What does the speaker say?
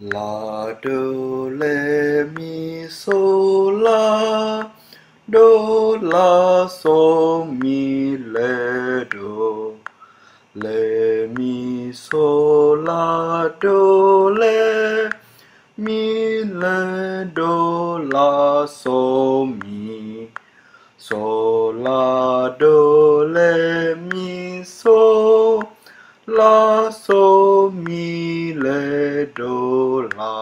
La do le mi so la, do la so mi le do. Le mi so la do le, mi le do la so mi. So la do le mi so la so mi le do la